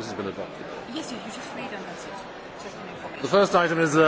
This has been adopted. Yes, you just read and that's The first item is. Uh...